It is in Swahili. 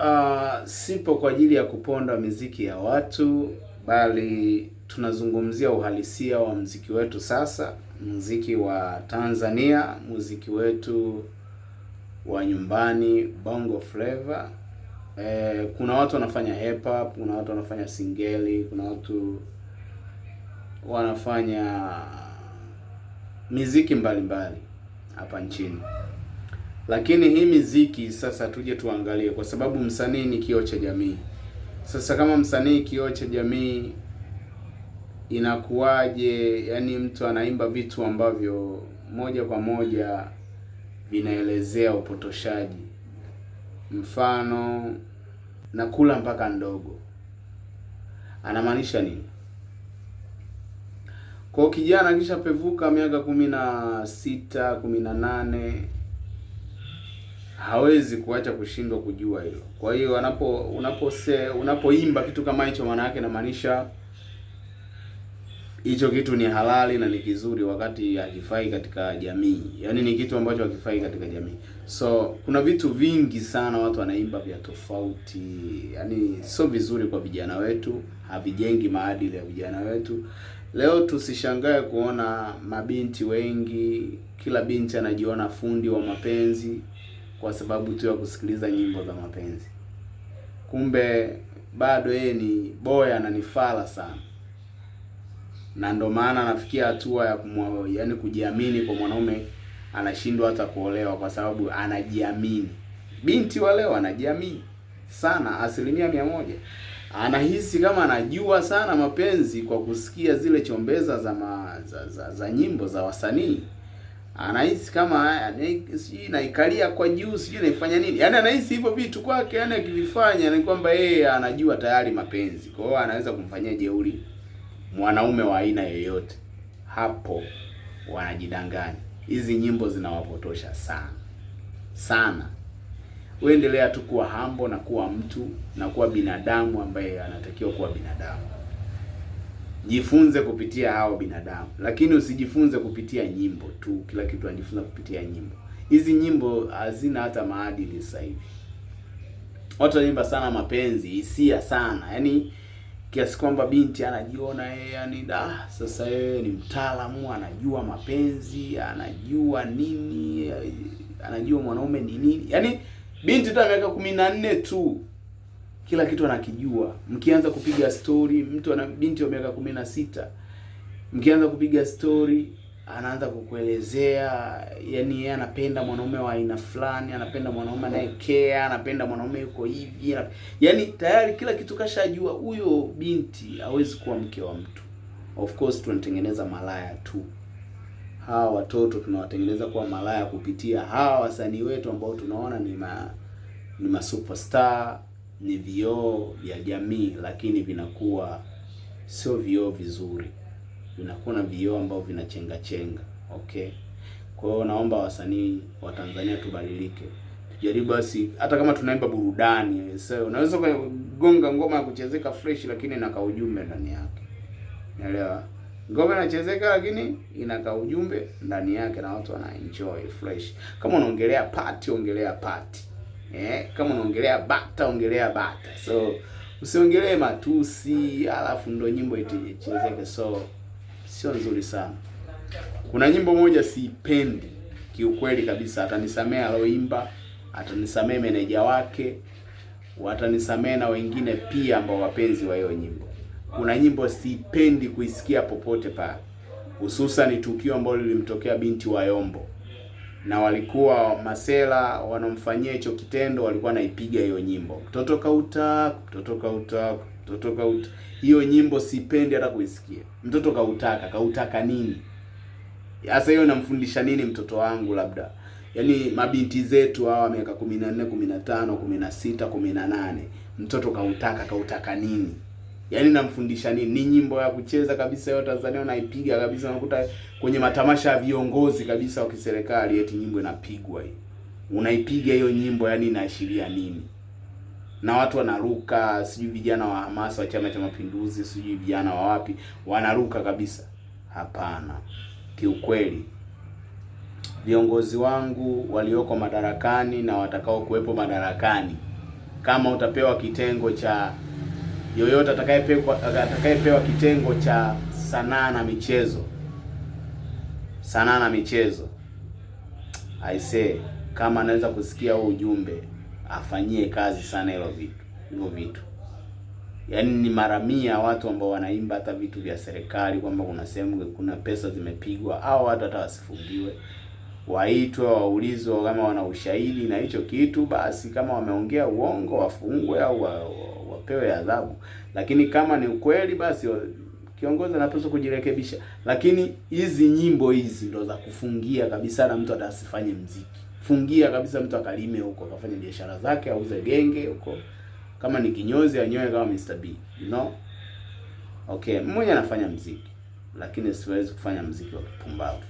Uh, sipo kwa ajili ya kuponda miziki ya watu, bali tunazungumzia uhalisia wa mziki wetu sasa, mziki wa Tanzania, muziki wetu wa nyumbani, bongo flava. Eh, kuna watu wanafanya hip hop, kuna watu wanafanya singeli, kuna watu wanafanya miziki mbalimbali hapa nchini. Lakini hii miziki sasa tuje tuangalie, kwa sababu msanii ni kioo cha jamii. Sasa kama msanii kioo cha jamii, inakuwaje? Yani mtu anaimba vitu ambavyo moja kwa moja vinaelezea upotoshaji, mfano nakula mpaka ndogo. Anamaanisha nini? Kwa kijana kisha pevuka miaka kumi na sita, kumi na nane hawezi kuacha kushindwa kujua hilo. Kwa hiyo anapo unapose unapoimba kitu kama hicho, maana yake inamaanisha hicho kitu ni halali na ni kizuri, wakati hakifai katika jamii. Yaani ni kitu ambacho hakifai katika jamii. So kuna vitu vingi sana watu wanaimba vya tofauti, yaani sio vizuri kwa vijana wetu, havijengi maadili ya vijana wetu. Leo tusishangae kuona mabinti wengi, kila binti anajiona fundi wa mapenzi kwa sababu tu ya kusikiliza nyimbo za mapenzi. Kumbe bado yeye ni boya na ni fala sana, na ndo maana anafikia hatua ya kumwa, yani kujiamini kwa mwanaume anashindwa hata kuolewa kwa sababu anajiamini. Binti wa leo anajiamini sana asilimia mia moja, anahisi kama anajua sana mapenzi kwa kusikia zile chombeza za, ma, za, za, za nyimbo za wasanii anahisi kama sijui naikalia kwa juu sijui naifanya nini, yaani anahisi hivyo vitu kwake, yaani akivifanya ni kwamba yeye anajua tayari mapenzi. Kwa hiyo anaweza kumfanyia jeuri mwanaume wa aina yoyote. Hapo wanajidanganya, hizi nyimbo zinawapotosha sana sana. Uendelea tu kuwa hambo na kuwa mtu na kuwa binadamu ambaye anatakiwa kuwa binadamu jifunze kupitia hao binadamu, lakini usijifunze kupitia nyimbo tu. Kila kitu anajifunza kupitia nyimbo. Hizi nyimbo hazina hata maadili. Sasa hivi watu wanaimba sana mapenzi, hisia sana, yaani kiasi kwamba binti anajiona yeye, yani da, sasa yeye ni mtaalamu, anajua mapenzi, anajua nini, anajua mwanaume ni nini. Yaani binti tu miaka kumi na nne tu kila kitu anakijua. Mkianza kupiga stori, mtu ana binti wa miaka kumi na sita, mkianza kupiga stori anaanza kukuelezea yani, yeye anapenda mwanaume wa aina fulani, anapenda mwanaume anayekea, anapenda mwanaume yuko hivi, yani tayari kila kitu kashajua. Huyo binti hawezi kuwa mke wa mtu. Of course tunatengeneza malaya tu, hawa watoto tunawatengeneza kuwa malaya kupitia hawa wasanii wetu ambao tunaona ni ma, ni ma superstar ni vioo vya jamii, lakini vinakuwa sio vioo vizuri, vinakuwa na vioo ambavyo vinachenga chenga. Okay, kwa hiyo naomba wasanii wa Tanzania tubadilike, tujaribu basi, hata kama tunaimba burudani. Sasa unaweza kugonga ngoma ya kuchezeka fresh, lakini ina ujumbe ndani yake, unaelewa? Ngoma inachezeka lakini ka ujumbe ndani yake na watu wana enjoy fresh. Kama unaongelea party, ongelea party eh, kama unaongelea bata ongelea bata, so usiongelee matusi alafu ndo nyimbo ichezeke, so sio nzuri sana. Kuna nyimbo moja siipendi kiukweli kabisa, atanisamea aloimba, atanisamee meneja wake, watanisamee na wengine pia ambao wapenzi wa hiyo nyimbo. Kuna nyimbo siipendi kuisikia popote pale, hususan tukio ambalo lilimtokea binti Wayombo na walikuwa masela wanamfanyia hicho kitendo, walikuwa naipiga hiyo nyimbo mtoto kauta, mtoto kauta, mtoto kauta. Hiyo nyimbo sipendi hata kuisikia. Yaani mtoto kautaka, kautaka nini? hasa hiyo namfundisha nini mtoto wangu? Labda yani mabinti zetu hawa miaka 14, 15, 16, 18, mtoto kautaka, kautaka nini? Yaani namfundisha nini? Ni nyimbo ya kucheza kabisa hiyo, Tanzania wanaipiga kabisa, unakuta kwenye matamasha ya viongozi kabisa wa kiserikali, eti nyimbo inapigwa hii. Unaipiga hiyo nyimbo, yaani inaashiria nini? Na watu wanaruka, sijui vijana wa hamasa wa Chama cha Mapinduzi, sijui vijana wa wapi, wanaruka kabisa. Hapana, kiukweli viongozi wangu walioko madarakani na watakao kuwepo madarakani, kama utapewa kitengo cha yoyote atakayepewa atakayepewa kitengo cha sanaa na michezo, sanaa na michezo, I say kama anaweza kusikia huu ujumbe afanyie kazi sana hilo vitu, hivyo vitu yaani ni mara mia watu ambao wanaimba hata vitu vya serikali kwamba kuna sehemu kuna pesa zimepigwa, au watu hata wasifungiwe waitwe waulizwe kama wana ushahidi na hicho kitu, basi kama wameongea uongo wafungwe au wapewe adhabu, lakini kama ni ukweli, basi kiongozi anapaswa kujirekebisha. Lakini hizi nyimbo hizi ndo za kufungia kabisa, na mtu atasifanye mziki, fungia kabisa, mtu akalime huko, akafanye biashara zake, auze genge huko, kama ni kinyozi anyoe kama Mr B, you know. Okay, mmoja anafanya mziki, lakini siwezi kufanya mziki wa kipumbavu.